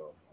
Gracias.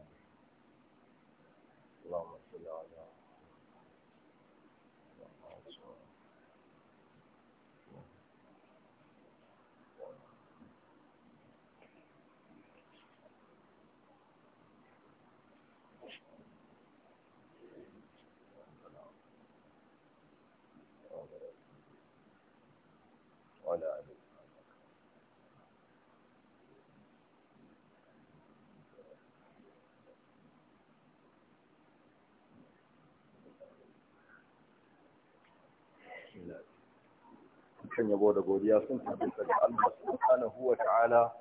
dukkan yabo da godiya sun tabbata ga Allah subhanahu wa ta'ala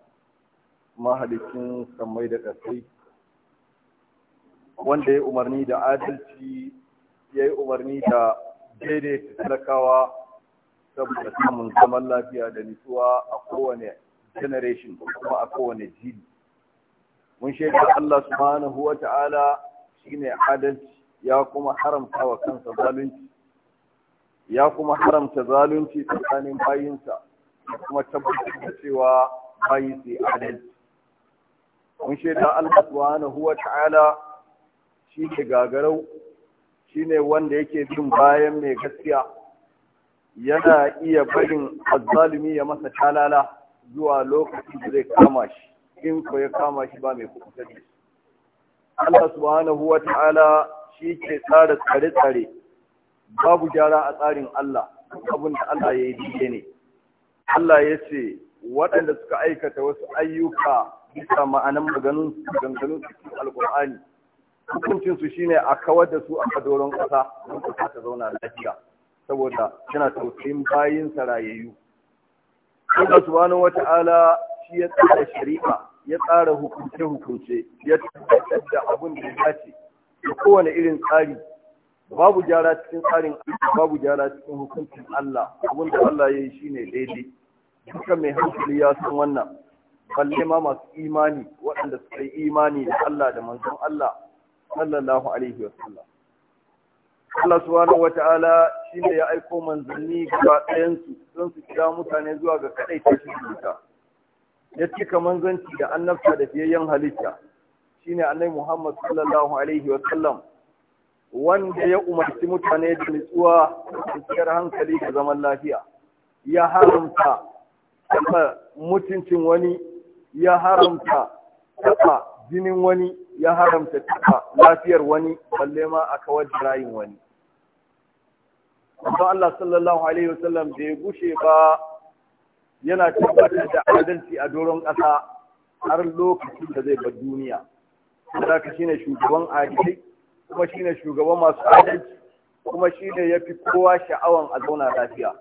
mahalikin samai da ƙasai wanda ya umarni da adalci ya yi umarni da daidaita talakawa saboda samun zaman lafiya da nutsuwa a kowane generation kuma a kowane jini mun shaida Allah subhanahu wa ta'ala shine adalci ya kuma haramta wa kansa zalunci ya kuma haramta zalunci tsakanin bayinsa kuma tabbatar da cewa bayi sai adalci mun shaida Allah subhanahu wa ta'ala shi ke gagarau shi ne wanda yake bin bayan mai gaskiya yana iya barin azzalumi ya masa talala zuwa lokacin da zai kama shi in ko ya kama shi ba mai kusa Allah subhanahu wa ta'ala shi ke tsara tsare-tsare babu gyara a tsarin Allah abin da Allah ya yi dike ne Allah ya ce waɗanda suka aikata wasu ayyuka bisa ma'anan maganun ganganun cikin alƙur'ani Hukuncinsu su shine a kawar da su a kadoron ƙasa don ƙasa ta zauna lafiya saboda yana tausayin bayin sarayayyu Allah subhanahu wata'ala shi ya tsara shari'a ya tsara hukunce hukunce ya tabbatar da abin da ya dace da kowane irin tsari babu gyara cikin tsarin babu gyara cikin hukuncin Allah abin da Allah ya yi shi ne daidai duka mai hankali ya san wannan balle ma masu imani waɗanda suka yi imani da Allah da manzon Allah sallallahu alaihi wa sallam Allah subhanahu wa ta'ala shine ya aiko manzanni ga ɗayan su don su kira mutane zuwa ga kadai ta shi duka ya cika manzanci da annabta da fiyayyen halitta shine annabi Muhammad sallallahu alaihi wa sallam wanda ya umarci mutane da nutsuwa da hankali da zaman lafiya ya haramta taɓa mutuncin wani ya haramta taɓa jinin wani ya haramta taɓa lafiyar wani balle ma a kawar da rayin wani don Allah sallallahu Alaihi wasallam da ya gushe ba yana tabbatar da adalci a doron ƙasa har lokacin da zai bar duniya. Saka ne shugaban adalci kuma shine shugaban masu adalci kuma shine yafi kowa sha'awan a zauna lafiya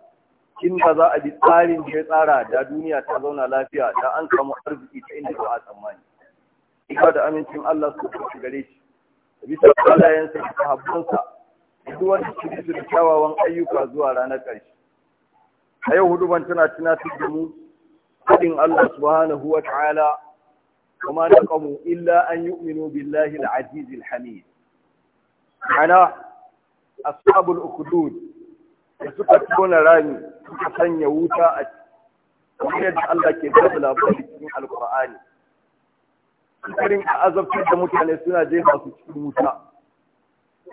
in ba za a bi tsarin da ya tsara da duniya ta zauna lafiya da an samu arziki ta inda ba a tsammani ika da amincin Allah su ku gare shi bisa halayensa da sahabbansa duk wanda ke da kyawawan ayyuka zuwa ranar ƙarshe a yau hudu ban tana tunatar da mu haɗin Allah subhanahu wa ta'ala kuma na illa an yu'minu billahi al-aziz al-hamid ana ashabul ukudud da suka tona rami suka sanya wuta a cikin yadda Allah ke bada labari cikin alkur'ani karin azabtar da mutane suna je su cikin wuta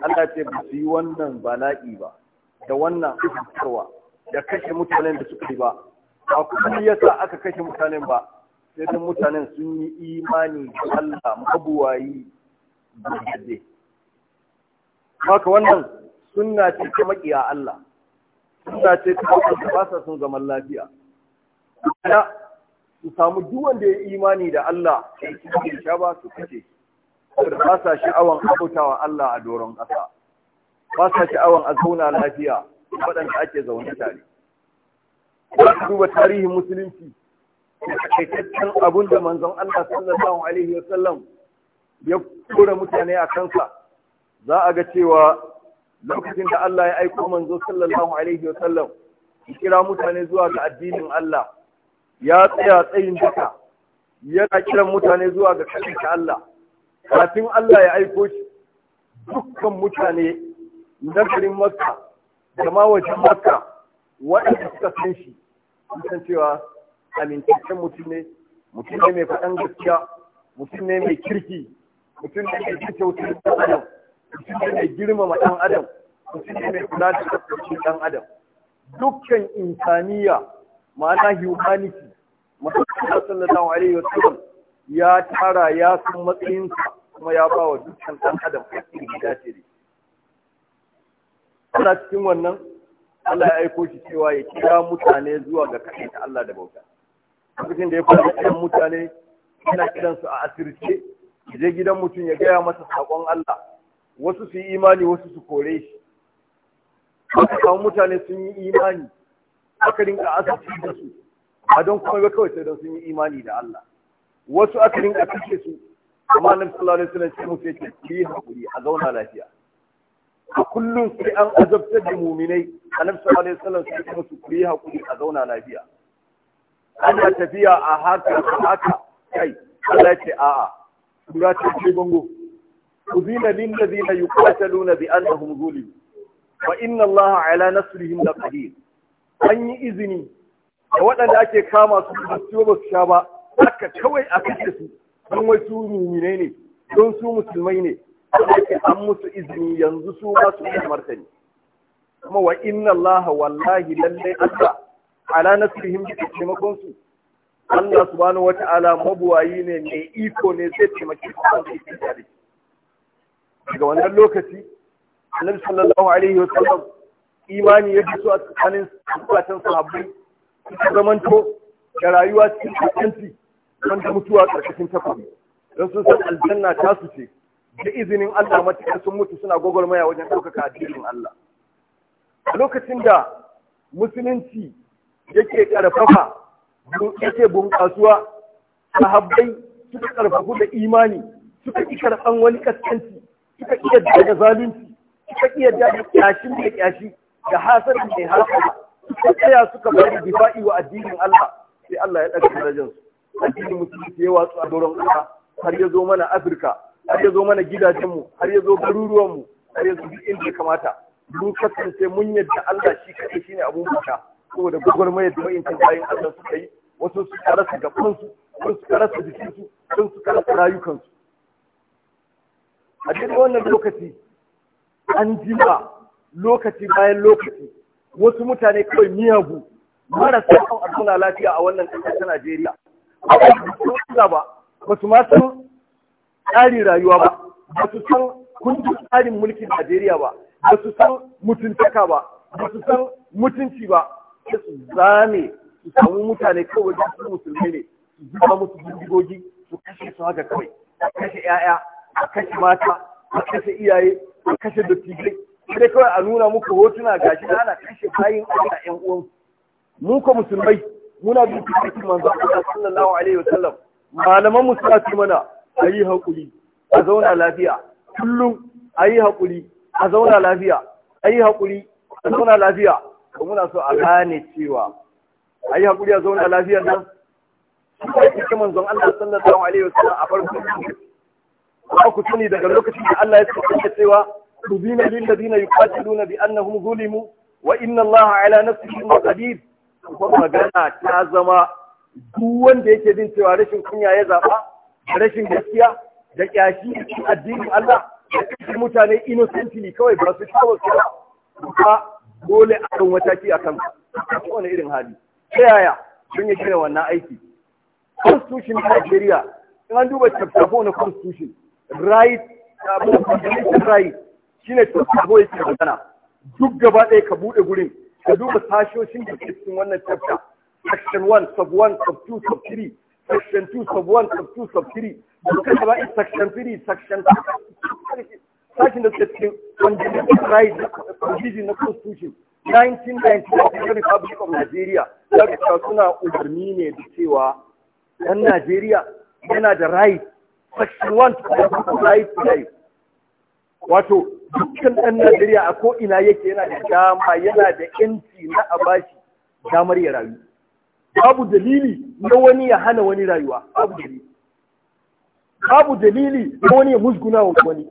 Allah ce ba su yi wannan bala'i ba da wannan fitarwa da kashe mutanen da suka yi ba a kuma yasa aka kashe mutanen ba sai dan mutanen sun yi imani da Allah mabuwayi da haka wannan suna ce ta maƙiya Allah suna ce ta wanda ba sa sun zaman lafiya ya su samu duk wanda ya imani da Allah sai su sha ba su kace da ba sa sha'awan abutawa Allah a doron ƙasa ba sa sha'awan a zauna lafiya waɗanda ake zaune tare ba su duba tarihin musulunci kaitaccen abun da manzon Allah sallallahu alaihi wasallam ya kura mutane a kansa za a ga cewa lokacin da Allah ya aiko manzo sallallahu alaihi wa sallam kira mutane zuwa ga addinin Allah ya tsaya tsayin duka yana kiran mutane zuwa ga kasance Allah kafin Allah ya aiko shi dukkan mutane na garin Makka da ma wajen Makka waɗanda suka san shi san cewa amintaccen mutum ne mutum ne mai faɗan gaskiya mutum ne mai kirki mutum ne mai kyautar adam mutum ne mai girmama ɗan adam mutum ne mai kula da tsaftace ɗan adam dukkan insaniya ma'ana humanity Muhammad sallallahu alaihi wasallam ya tara ya san matsayinsa kuma ya ba wa dukkan ɗan adam hakkin gida ce ne. Ana cikin wannan Allah ya aiko shi cewa ya kira mutane zuwa ga kaɗai ta Allah da bauta. Lokacin da ya fara kiran mutane yana kiransu a asirce, je gidan mutum ya gaya masa saƙon Allah, wasu su yi imani wasu su kore shi Wasu samu mutane sun yi imani aka rinka asibiti da su a don kuma ga kawai sai don sun yi imani da Allah wasu aka rinka kashe su amma nan sallallahu alaihi wasallam sai musu yake yi hakuri a zauna lafiya a kullum sai an azabtar da muminai annabi sallallahu alaihi wasallam sai shi musu ku yi hakuri a zauna lafiya ana tafiya a haka a haka kai Allah ya ce a'a kura ta ce bango أذن للذين يقاتلون بأنهم ظلموا وإن الله على نصرهم لقدير أن إذني waɗanda ake kama su ba su su sha ba haka kawai a kashe su don wai su don su musulmai ne ake an musu izini yanzu su ba su yi martani kuma wa inna Allah wallahi lallai Allah ala nasrihim bi taimakon su Allah subhanahu wata'ala mabuwayi ne mai iko ne zai taimake su kan su daga wannan lokaci annabi sallallahu alaihi wa sallam imani ya so a tsakanin tsakanin sahabbai suka zamanto da rayuwa cikin kasanci wanda mutuwa karkashin takobi don sun san aljanna ta su ce da izinin Allah matuƙar sun mutu suna gwagwarmaya wajen ɗaukaka addinin Allah a lokacin da musulunci yake ƙarfafa yake bunƙasuwa sahabbai suka ƙarfafu da imani suka yi karɓan wani kaskanci kika iya daga zalunci kika iya daga kyashi da kyashi da hasarin mai hasara suka tsaya suka bari difa'i wa addinin Allah sai Allah ya ɗaga darajar su addinin musulunci ya watsu a doron ƙasa har ya zo mana Afirka har ya zo mana gidajenmu har ya zo garuruwanmu har ya zo duk inda ya kamata mun kasance mun yadda Allah shi kaɗai shine abun bauta saboda gwagwarmayar da wa'incin bayan Allah suka yi wasu suka rasa gabansu wasu su karasa jikinsu wasu su karasa rayukansu a cikin wannan lokaci an jima lokaci bayan lokaci wasu mutane kawai miyagu marasa a suna lafiya a wannan ƙasar ta Najeriya. Ba ba su ma san tsarin rayuwa ba, ba su san kundin tsarin mulkin Najeriya ba, ba su san mutuntaka ba, ba su san mutunci ba, sai su zame su samu mutane kawai da su musulmai ne, su zuba musu bindigogi, su kashe su haka kawai, kashe 'ya'ya, a kashe mata a kashe iyaye a kashe dattijai sai kawai a nuna muku hotuna ga shi ana kashe bayin Allah ƴan uwan mu ko musulmai muna bin cikin manzo Allah sallallahu alaihi wasallam malaman mu suna ce mana ayi hakuri a zauna lafiya kullum ayi hakuri a zauna lafiya ayi hakuri a zauna lafiya ko muna so a gane cewa ayi hakuri a zauna lafiya nan sai cikin manzon Allah sallallahu alaihi wasallam a farkon za ku sani daga lokacin da Allah ya tsaka cewa rubina lil ladina yuqatiluna bi annahum zulimu wa inna Allah ala nafsihi qadir ko magana ta zama duk wanda yake jin cewa rashin kunya ya zaba rashin gaskiya da kyashi addinin Allah da kashe mutane innocently kawai ba su tawo ba dole a kan mataki a kan wani irin hali ta yaya sun yi kira wannan aiki constitution na Nigeria, in an duba chapter 4 na constitution right fundamental right shine to abu yake magana duk gaba ɗaya ka buɗe gurin ka duba sashoshin da ke cikin wannan chapter section 1 sub 1 sub 2 sub 3 section 2 sub 1 sub 2 sub 3 duka gaba ɗaya section 3 section sashin da ke cikin fundamental right provision na constitution 1999 Republic of Nigeria ya ga suna umarni ne da cewa ɗan Najeriya yana da right wato dukkan ɗan Najeriya a ko'ina yake yana da dama yana da yanci na a bashi damar ya rayu babu dalili na wani ya hana wani rayuwa babu dalili babu dalili na wani ya musguna wa wani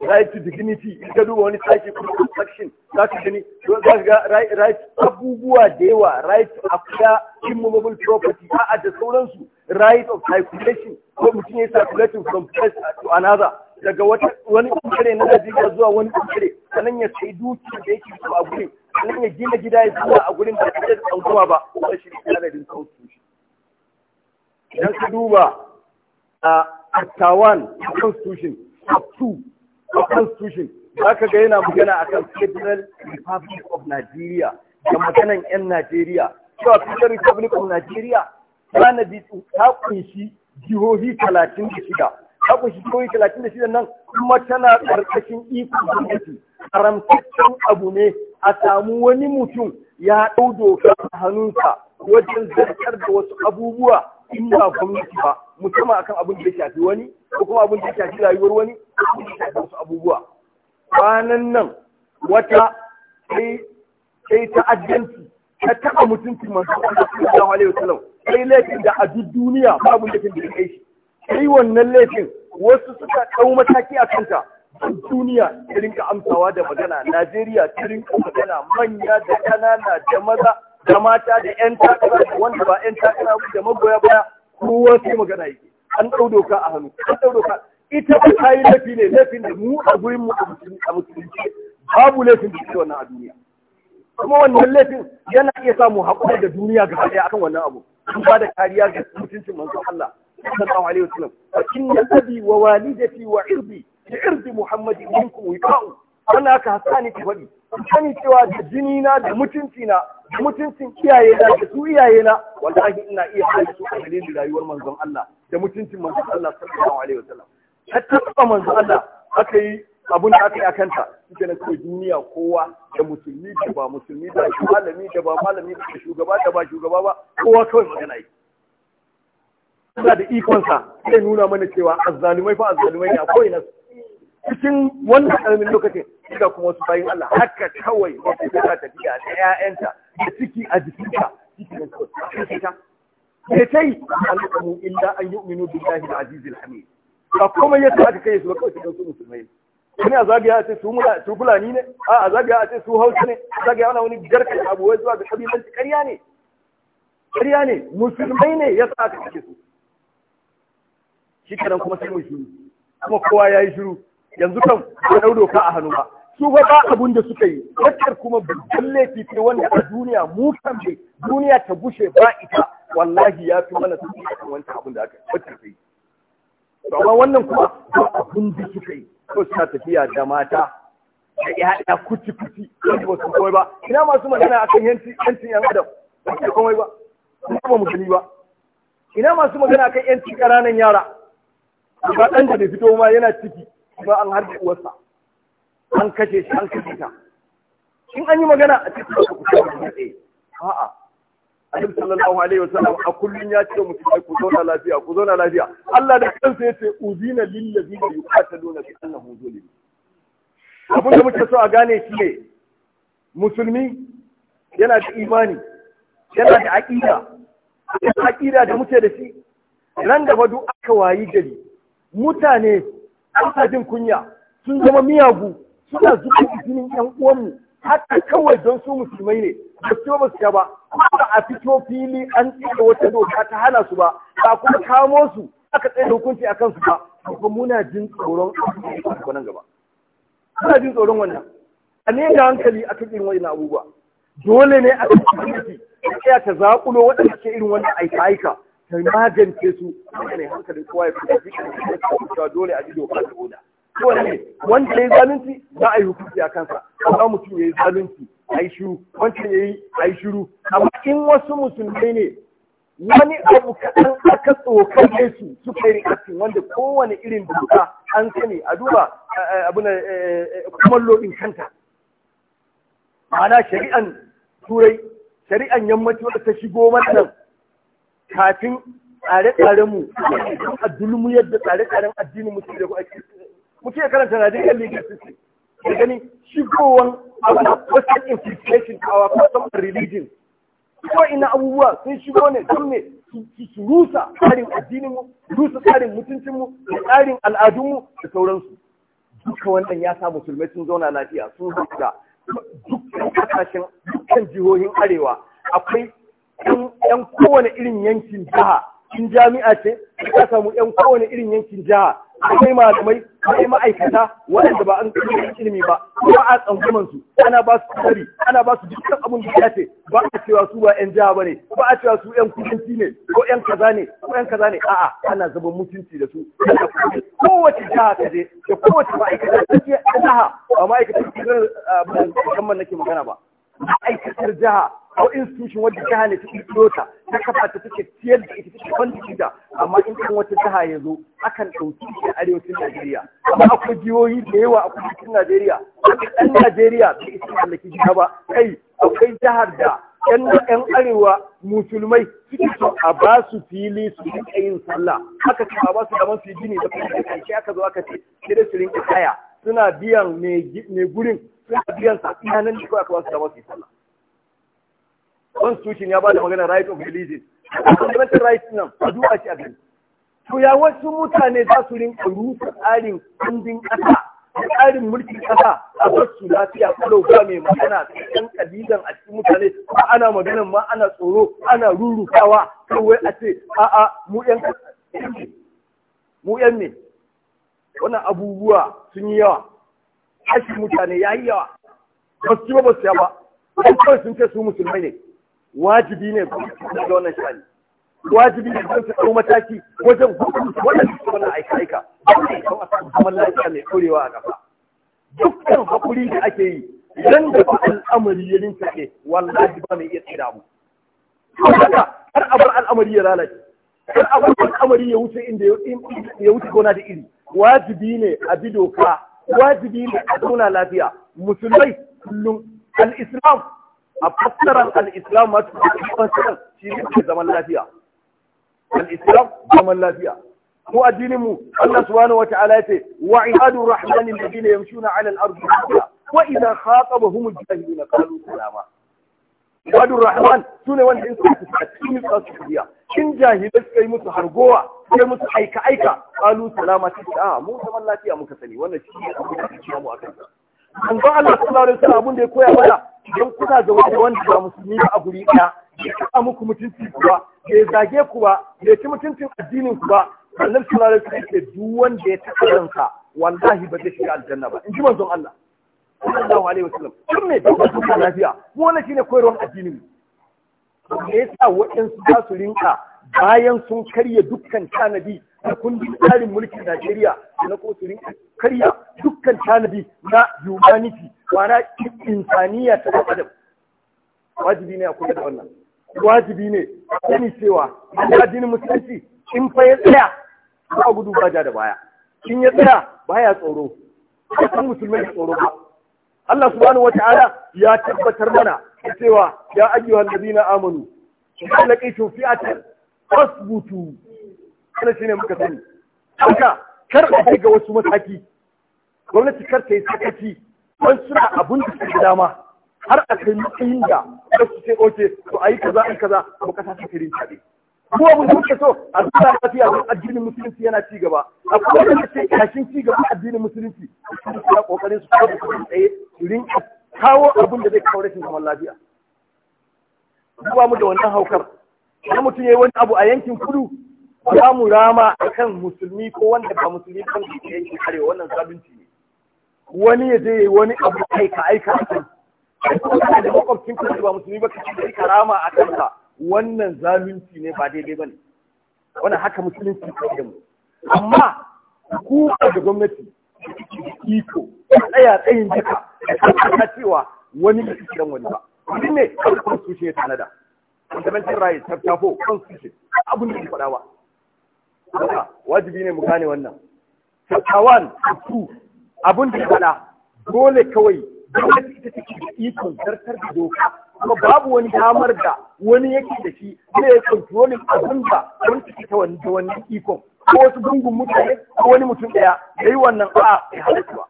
right to dignity in ka duba wani sashi kuma construction za ka gani za ka ga right abubuwa da yawa right to acquire immovable property a da sauransu right of circulation ko mutum ya yi circulating from place to another daga wani bangare na Najeriya zuwa wani bangare sannan ya sai duki da yake so a gurin sannan ya gina gida ya zuwa a gurin da ce da tsangwama ba kuma shi ne sanadin constitution idan ka duba a Tawan constitution sub 2 of constitution za ka ga yana magana a kan federal republic of nigeria da maganan 'yan Najeriya. cewa federal republic of nigeria tanadi ta kunshi jihohi talatin da shida ta kunshi jihohi talatin da shida nan kuma tana ƙarƙashin ikon gwamnati haramtaccen abu ne a samu wani mutum ya ɗau doka a hannunsa wajen zartar da wasu abubuwa in ba gwamnati ba musamman akan abin da ya shafi wani ko kuma abin da ya shafi rayuwar wani wasu abubuwa kwanan nan wata sai ta'addanci ta taɓa mutunci masu Allah sallallahu alaihi wasallam sai laifin da a duk duniya babu laifin da ya kai shi sai wannan laifin wasu suka ɗau mataki a kanta duk duniya ta rinka amsawa da magana Najeriya ta rinka magana manya da ƙanana da maza da mata da 'yan takara da wanda ba 'yan takara da magoya baya kowa sai magana yake an ɗau doka a hannu an ɗau doka ita ba ta yi laifi ne laifin da mu a gurin mu a musulunci babu laifin da ke wannan a duniya kuma wannan laifin yana iya samu haƙuri da duniya ga a akan wannan abu sun ba da kariya ga mutuncin manzo Allah sallallahu alaihi wasallam fa inna abi wa walidati wa irbi bi irbi muhammadin minkum wiqa'u wannan haka hasani ta faɗi sani cewa da jini na da mutunci na da mutuncin iyaye na da su iyaye na wallahi ina iya hali su a dalilin rayuwar manzon Allah da mutuncin manzon Allah sallallahu alaihi wasallam har ta taba manzo Allah aka yi abun da aka yi a kanta, suke na kawai duniya kowa da musulmi da ba musulmi da malami da ba malami da shugaba da ba shugaba ba kowa kawai magana yi suna da sa zai nuna mana cewa azzalumai fa azzalumai ne a ko'ina cikin wannan ƙaramin lokacin ga kuma wasu bayin Allah haka kawai wata tana tafiya da ‘ya'yanta da ciki a jikinta cikin kawai ta sai ta yi an illa an yi bin billahi da azizil hamid ba komai ta aka kai su ba kawai su musulmai wani a zagaya a ce su fulani ne a a zagaya a ce su hausa ne a zagaya wani wani garkar abu wai zuwa ga kabilanci ƙarya ne ƙarya ne musulmai ne ya sa aka kashe su shi kanan kuma sai mu shiru kuma kowa ya yi shiru yanzu kan ba ɗau doka a hannu ba su ba ba abun da suka yi wakkar kuma babban laifi ce wanda a duniya mu kan bai duniya ta bushe ba ita wallahi ya fi mana su kan wancan abun da aka wakkar sai amma wannan kuma abin da suka yi ko suka tafiya da mata da ya kuci kuci wanda ba su komai ba ina masu magana akan yancin yan adam ba su komai ba kuma ba mu gani ba ina masu magana akan yancin ƙananan yara ba ɗan da bai fito ma yana ciki ba an harbe uwarsa an kashe shi an kashe ta in an yi magana a cikin ba su kusa ba a'a annabi sallallahu alaihi wasallam a kullun ya ce mutum ku zauna lafiya ku zauna lafiya Allah da kansa yace udina lil ladina yuqataluna bi annahu zulim abin da muke so a gane shi ne musulmi yana da imani yana da aqida yana aqida da muke da shi nan gaba duk aka wayi gari mutane ba jin kunya sun zama miyagu suna zuba izinin yan uwanmu haka kawai don su musulmai ne ba su ba su ba ba a fito fili an tsira wata doka ta hana su ba ba kuma kamo su aka tsaye hukunci a kansu ba kuma muna jin tsoron abubuwa nan gaba muna jin tsoron wannan a ne da hankali a irin wani abubuwa dole ne a cikin tsaya ta zaƙulo waɗanda ke irin wani aika-aika ta magance su ne hankalin kowa ya fita jikin da dole a ji doka wanda ya yi zalunci za a yi hukunci a kansa, amma mutum ya yi zalunci a yi wancan ya yi a yi amma in wasu musulmai ne wani abu kaɗan aka tsokane su suka yi rikacin wanda kowane irin doka an sani a duba abu na kuman lobin kanta ma'ana shari'an turai shari'an yammaci wadda ta shigo mana nan kafin tsare-tsaren mu a dulmu yadda tsare-tsaren addinin eh, mutum da ya karanta na jirgin yan legal system da gani shigowan western infiltration a our custom religion ko ina abubuwa sun shigo ne don ne su rusa tsarin addininmu rusa tsarin mutuncinmu da tsarin al'adunmu da sauransu duka wannan ya sa musulmai sun zauna lafiya sun huta dukkan kasashen dukkan jihohin arewa akwai yan kowane irin yankin jiha in jami'a ce ya samu yan kowane irin yankin jiha akwai malamai akwai ma'aikata waɗanda ba an kuma ilimi ba ba a tsangwaman su ana ba su kari ana ba su dukkan abin da ya ce ba a cewa su ba 'yan jiha ba ne ba a cewa su 'yan kudanci ne ko 'yan kaza ne ko 'yan kaza ne a'a ana zaban mutunci da su kowace jiha ka je da kowace ma'aikata ta jiha ba ma'aikata ta jiha ah, ba nake magana ba ma'aikatar jiha ko institution wadda jiha ne take pilota ta kafa ta take tiyar da ita take kwanci gida, amma in kan wata jiha ya zo akan ɗauki shi a arewacin Najeriya amma akwai jihohi da yawa a kudancin Najeriya ɗan Najeriya bai isa mallaki jiha ba kai akwai jihar da yan yan arewa musulmai suke so a ba su fili su rinka yin sallah haka kuma a ba su damar su yi gini da kuma da aka zo aka ce sai da su suna biyan mai gurin suna biyan sa da kawai kawai su dama su yi sallah constitution ya ba da magana right of religion fundamental right nan a duba a gani to ya wasu mutane za su rinka rusa tsarin kundin ƙasa tsarin mulkin ƙasa a wasu lafiya kalau ba mai magana cikin kabilan a cikin mutane ba ana maganan ma ana tsoro ana rurrukawa kawai a ce a'a mu 'yan mu ne wannan abubuwa sun yi yawa aikin mutane ya yi yawa ba su ba ba su yawa ba kawai sun ce su musulmai ne wajibi ne ga wannan shani wajibi ne don su ɗau mataki wajen hukunta wannan su wannan aika aika don a samu zaman lafiya mai ɗorewa a ƙasa dukkan haƙuri da ake yi idan da ba al'amari ya rintaɗe wallahi ba mai iya tsira mu haka har a bar al'amari ya lalace Kar a bar al'amari ya wuce inda ya wuce gona da iri wajibi ne a bi doka wajibi ne a zauna lafiya musulmai kullum al-islam a fassarar al-islam ma fassarar shi ne zaman lafiya al-islam zaman lafiya mu addinin mu Allah subhanahu wa ta'ala yace wa ibadur rahmani alladhina yamshuna 'ala al-ardi wa idha khatabahum al-jahiluna qalu salama ibadur rahman sune wanda in suka tafi cikin tsasiya Kin jahilai suka yi musu hargowa sai musu aika aika kalu salama ta ce a ah, mu zaman lafiya muka sani wannan shi ne abin da ake mu akan sa manzo Allah sallallahu alaihi wasallam abin da ya koya mana idan kuna da wani wanda ba musulmi ba a guri ɗaya ya kaɗa muku mutunci ku ba ya zage ku ba ya ci mutuncin addinin ku ba annabi sallallahu alaihi wasallam ya duk wanda ya taɓa ransa wallahi ba zai shiga aljanna ba in ji manzon Allah sallallahu alaihi wasallam kun ne da ku lafiya mu wannan shine koyarwar addinin mu me sa waɗansu za su rinka bayan sun karya dukkan tanadi na kundin tsarin mulkin Najeriya na kotu rinka karya dukkan tanadi na humanity wana insaniya ta adam wajibi ne a kula da wannan wajibi ne sani cewa addinin musulunci in fa ya tsaya ba gudu ba da baya in ya tsaya baya tsoro ba san musulmai tsoro ba Allah subhanahu wata'ala ya tabbatar mana da cewa ya na ayyuhal ladina amanu a can asibutu ana kana shine muka sani haka kar ka ga wasu mataki gwamnati kar ta yi sakaci don suna abun da suke dama har a kai matsayin da wasu sai oke to a yi kaza ayi kaza mu kasa ta kirin tabi ko abin da muke so a zuwa lafiya don addinin musulunci yana ci gaba akwai wanda ce kashin ci gaba addinin musulunci suna kokarin su kawo su tsaye su kawo abin da zai kawo rashin zaman lafiya duba mu da wannan haukar idan mutum ya yi wani abu a yankin kudu ba za mu rama a kan musulmi ko wanda ba musulmi kan da ke yankin arewa wannan zalunci ne wani ya je wani abu aika aika a kan da makwabcin ka ba musulmi ba kace da ka rama a kanka wannan zalunci ne ba daidai ba ne. wannan haka musulunci ke da mu amma hukuma da gwamnati iko tsaya tsayin jaka ka cewa wani ya fi wani ba wani ne constitution ya tanada fundamental rights chapter 4 constitution abun da ya faɗa ba wajibi ne mu gane wannan chapter 1 2 abun da ya faɗa dole kawai dole ita take da ikon zartar da doka kuma babu wani damar da wani yake da shi zai controlling abin da wani take ta wani ikon ko wasu gungun mutane ko wani mutum daya yi wannan a'a ya halatta ba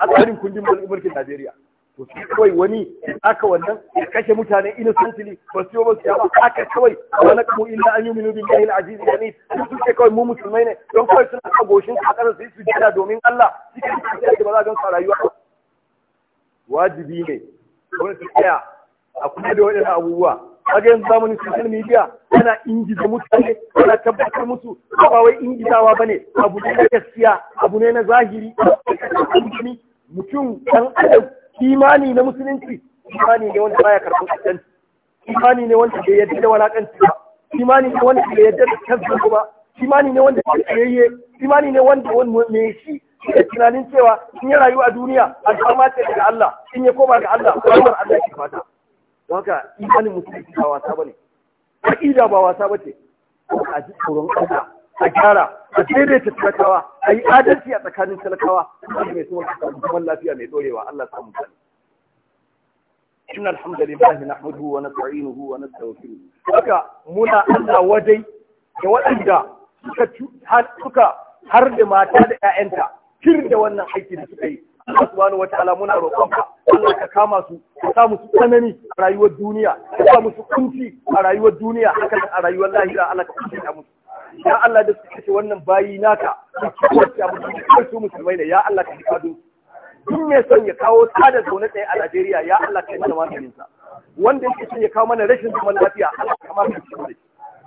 a kundin mulkin Najeriya to shi kawai wani aka wannan ya kashe mutane innocently ba su yi ba su yawa aka kawai wani kuma illa an yi minu bin jahil aziz ya ne su kawai mu musulmai ne don kawai suna ka goshin kakar su yi su jira domin Allah shi ke kashe da ba za a gansu a rayuwa wajibi ne su tsaya a kuma da waɗannan abubuwa kaga yanzu zamanin social media yana ingiza mutane yana tabbatar musu ba wai ingizawa bane abu ne na gaskiya abu ne na zahiri abu ne mutum ɗan adam kimani na musulunci kimani ne wanda baya karɓar kasanci kimani ne wanda bai yadda da walakanci ba kimani ne wanda bai yadda da kansa kuma kimani ne wanda bai tsayayye kimani ne wanda me shi da tunanin cewa in ya rayu a duniya alfarma ce daga Allah in ya koma ga Allah rahmar Allah ke fata don haka imanin musulunci ba wasa bane aqida ba wasa bace a ji tsoron Allah a gyara a daidaita talakawa a yi adalci a tsakanin talakawa wanda mai suna lafiya mai dorewa Allah samu sani inna alhamdulillahi nahmaduhu wa nasta'inuhu wa nastaghfiruh haka muna Allah wadai da waɗanda suka suka har da mata da ƴaƴanta kir da wannan aiki da suka yi Allah subhanahu wataala muna roƙonka Allah ka kama su ka sa musu tsanani a rayuwar duniya ka sa musu kunci a rayuwar duniya haka a rayuwar lahira Allah ka musu ya Allah da suka kashe wannan bayi naka su musulmai ne ya Allah ka jikadu duk mai son ya kawo tada zaune tsaye a Najeriya ya Allah ka yi mana maganin sa wanda yake son ya kawo mana rashin zaman lafiya Allah ka maka shi da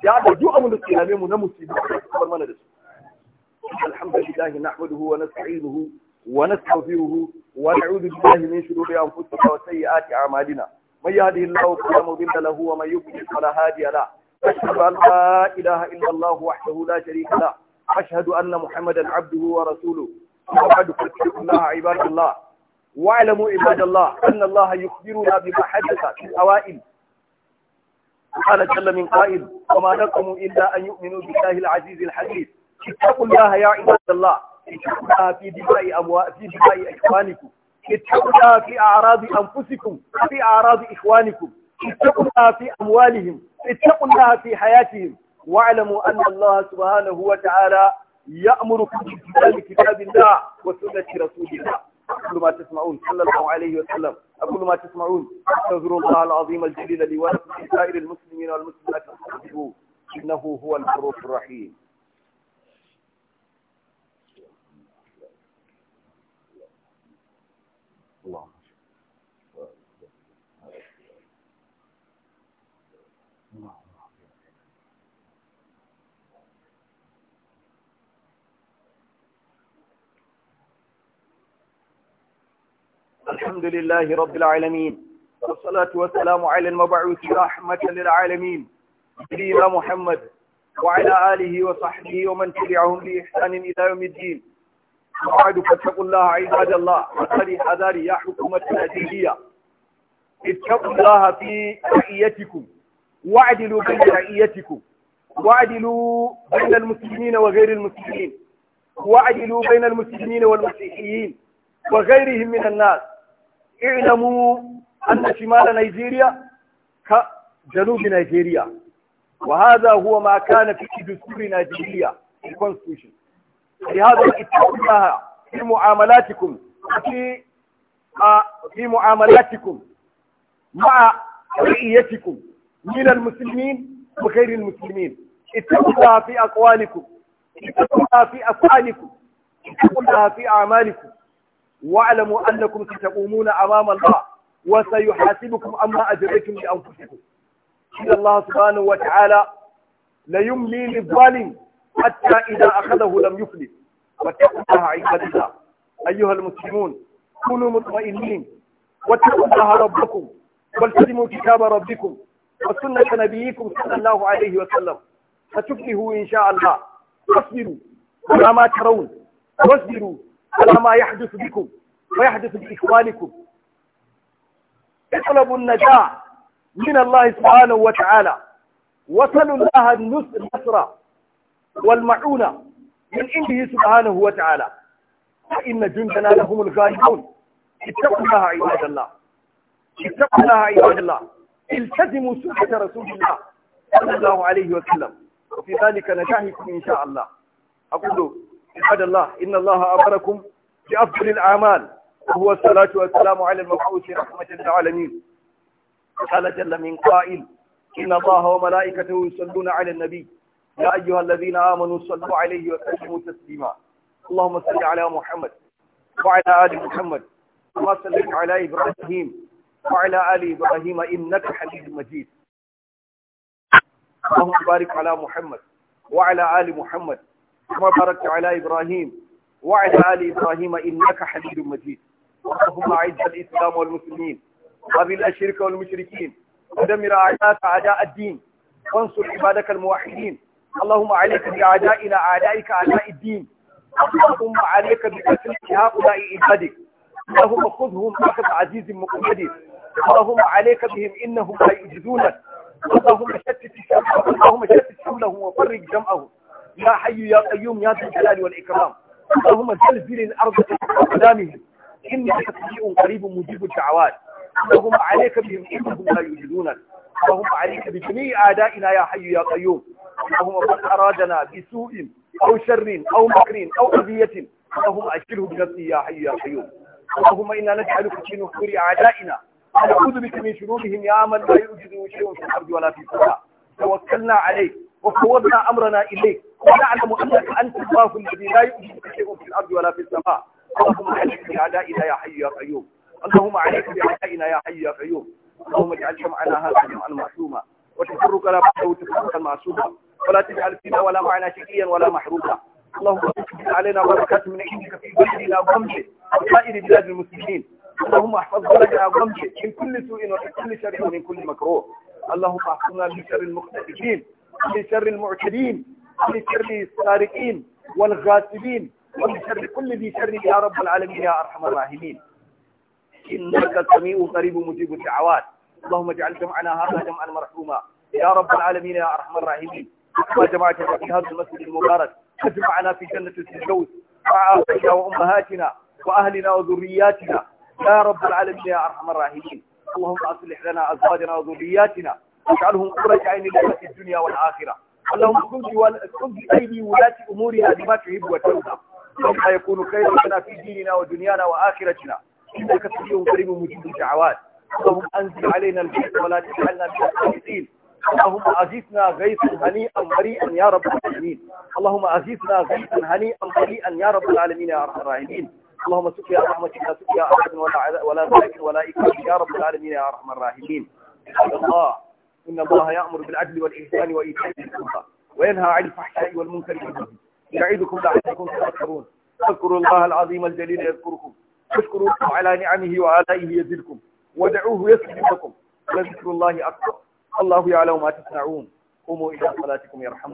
ya Allah duk abin da ke name mu na musibi ka kawo mana da su alhamdulillah nahmaduhu wa nasta'inuhu wa nastaghfiruhu wa na'udhu billahi min shururi anfusina wa sayyiati a'malina من يهده الله فلا مضل له ومن يضلل فلا هادي له أشهد أن لا إله إلا الله وحده لا شريك له أشهد أن محمدا عبده ورسوله وبعد فاتقوا الله عباد الله واعلموا عباد الله أن الله يخبرنا بما حدث في الأوائل قال جل من قائل وما لكم إلا أن يؤمنوا بالله العزيز الحديث اتقوا الله يا عباد الله اتقوا الله في دماء أموال في دماء إخوانكم اتقوا الله في أعراض أنفسكم وفي أعراض إخوانكم اتقوا الله في أموالهم اتقوا الله في حياتهم واعلموا أن الله سبحانه وتعالى يأمركم بامتثال كتاب الله وسنة رسول الله أقول ما تسمعون صلى الله عليه وسلم أقول ما تسمعون استغفر الله العظيم الجليل لي سائر المسلمين والمسلمات إنه هو الغفور الرحيم الحمد لله رب العالمين والصلاة والسلام على المبعوث رحمة للعالمين سيدنا محمد وعلى آله وصحبه ومن تبعهم بإحسان إلى يوم الدين وعد فاتقوا الله عباد الله وصلي حذاري يا حكومة الأديبية اتقوا الله في رعيتكم واعدلوا بين رعيتكم واعدلوا بين المسلمين وغير المسلمين واعدلوا بين المسلمين والمسيحيين وغيرهم من الناس اعلموا أن شمال نيجيريا كجنوب نيجيريا وهذا هو ما كان في دستور نيجيريا الكونستيوشن لهذا اتقوا الله في معاملاتكم في آه، في معاملاتكم مع رئيتكم من المسلمين وغير المسلمين اتقوا الله في أقوالكم اتقوا الله في أفعالكم اتقوا الله في أعمالكم واعلموا أنكم ستقومون أمام الله وسيحاسبكم أما أجريتم لأنفسكم إن الله سبحانه وتعالى ليملي للظالم حتى إذا أخذه لم يفلت واتقوا الله عباد الله أيها المسلمون كونوا مطمئنين واتقوا الله ربكم والتزموا كتاب ربكم وسنة نبيكم صلى الله عليه وسلم فتفلحوا إن شاء الله واصبروا على ما ترون واصبروا على ما يحدث بكم ويحدث بإخوانكم اطلبوا النجاة من الله سبحانه وتعالى وصلوا الله النصر والمعونة من عنده سبحانه وتعالى فإن جندنا لهم الغالبون اتقوا الله عباد الله اتقوا الله عباد الله التزموا سنة رسول الله صلى الله عليه وسلم وفي ذلك نجاهكم إن شاء الله أقول عباد الله إن الله أمركم بأفضل الأعمال وهو الصلاة والسلام على المبعوث رحمة للعالمين قال جل من قائل إن الله وملائكته يصلون على النبي يا أيها الذين آمنوا صلوا عليه وسلموا تسليما اللهم صل على محمد وعلى آل محمد كما صليت على إبراهيم وعلى آل إبراهيم إنك حميد مجيد اللهم بارك على محمد وعلى آل محمد كما باركت على إبراهيم وعلى آل إبراهيم إنك حميد مجيد اللهم أعز الإسلام والمسلمين وأذل الشرك والمشركين ودمر أعداءك أعداء الدين وانصر عبادك الموحدين اللهم عليك بأعدائنا أعدائك أعداء الدين اللهم عليك بقتل هؤلاء عبادك اللهم خذهم أخذ عزيز مقتدر اللهم عليك بهم إنهم لا يجدونك اللهم شتت شملهم اللهم شتت شملهم وفرق جمعهم يا حي يا قيوم يا ذا الجلال والإكرام اللهم زلزل الأرض بأقدامهم إنك تجيء قريب مجيب الدعوات اللهم عليك بهم إنهم لا يجدونك اللهم عليك بجميع أعدائنا يا حي يا قيوم اللهم من أرادنا بسوء أو شر أو مكر أو أذية اللهم أشره بنفسه يا حي يا قيوم اللهم إنا نجعلك في نحور أعدائنا ونعوذ بك من شرورهم يا من لا يوجد شيء في الأرض ولا في السماء توكلنا عليك وفوضنا أمرنا إليك ونعلم أنك أنت الله الذي لا يؤمن شيء في الأرض ولا في السماء اللهم عليك بأعدائنا يا حي يا قيوم اللهم عليك بأعدائنا يا حي يا قيوم اللهم اجعل جمعنا هذا جمعا معصوما لا بعده تفرقا معصوما ولا تجعل فينا ولا معنا شقيا ولا محروما اللهم اجعل علينا بركات من عندك في بلدنا وغمزه وسائر بلاد المسلمين اللهم احفظ بلدنا وغمزه من كل سوء ومن كل شر ومن كل مكروه اللهم احفظنا من شر المختلفين من شر المعتدين ولشر السارقين والغاسبين ولشر كل ذي شر يا رب العالمين يا ارحم الراحمين انك سميع قريب مجيب الدعوات اللهم اجعل جمعنا هذا جمعا مرحوما يا رب العالمين يا ارحم الراحمين وجماعتنا في هذا المسجد المبارك اجمعنا في جنه الفردوس مع ابائنا وامهاتنا واهلنا وذرياتنا يا رب العالمين يا ارحم الراحمين اللهم اصلح لنا ازواجنا وذرياتنا واجعلهم قرة عين لنا في الدنيا والاخره اللهم احكم بأيدي ولاة أمورنا بما تحب وترضى وما يكون خيرا لنا في ديننا ودنيانا وآخرتنا إنك سميع قريب مجيب الدعوات اللهم أنزل علينا الغيث ولا تجعلنا من القانطين اللهم أغثنا غيثا هنيئا مريئا يا رب العالمين اللهم أغثنا غيثا هنيئا مريئا يا رب العالمين يا أرحم الراحمين اللهم سقيا رحمتك لا سقيا أحد ولا ولا ذلك ولا إكرام يا رب العالمين يا أرحم الراحمين الله إن الله يأمر بالعدل والإحسان وإيتاء ذي القربى وينهى عن الفحشاء والمنكر والبغي يعيدكم لعلكم تذكرون فاذكروا الله العظيم الجليل يذكركم واشكروا على نعمه وآلائه يزدكم ودعوه يسجد لكم ولذكر الله أكبر الله يعلم ما تصنعون قوموا إلى صلاتكم يرحمكم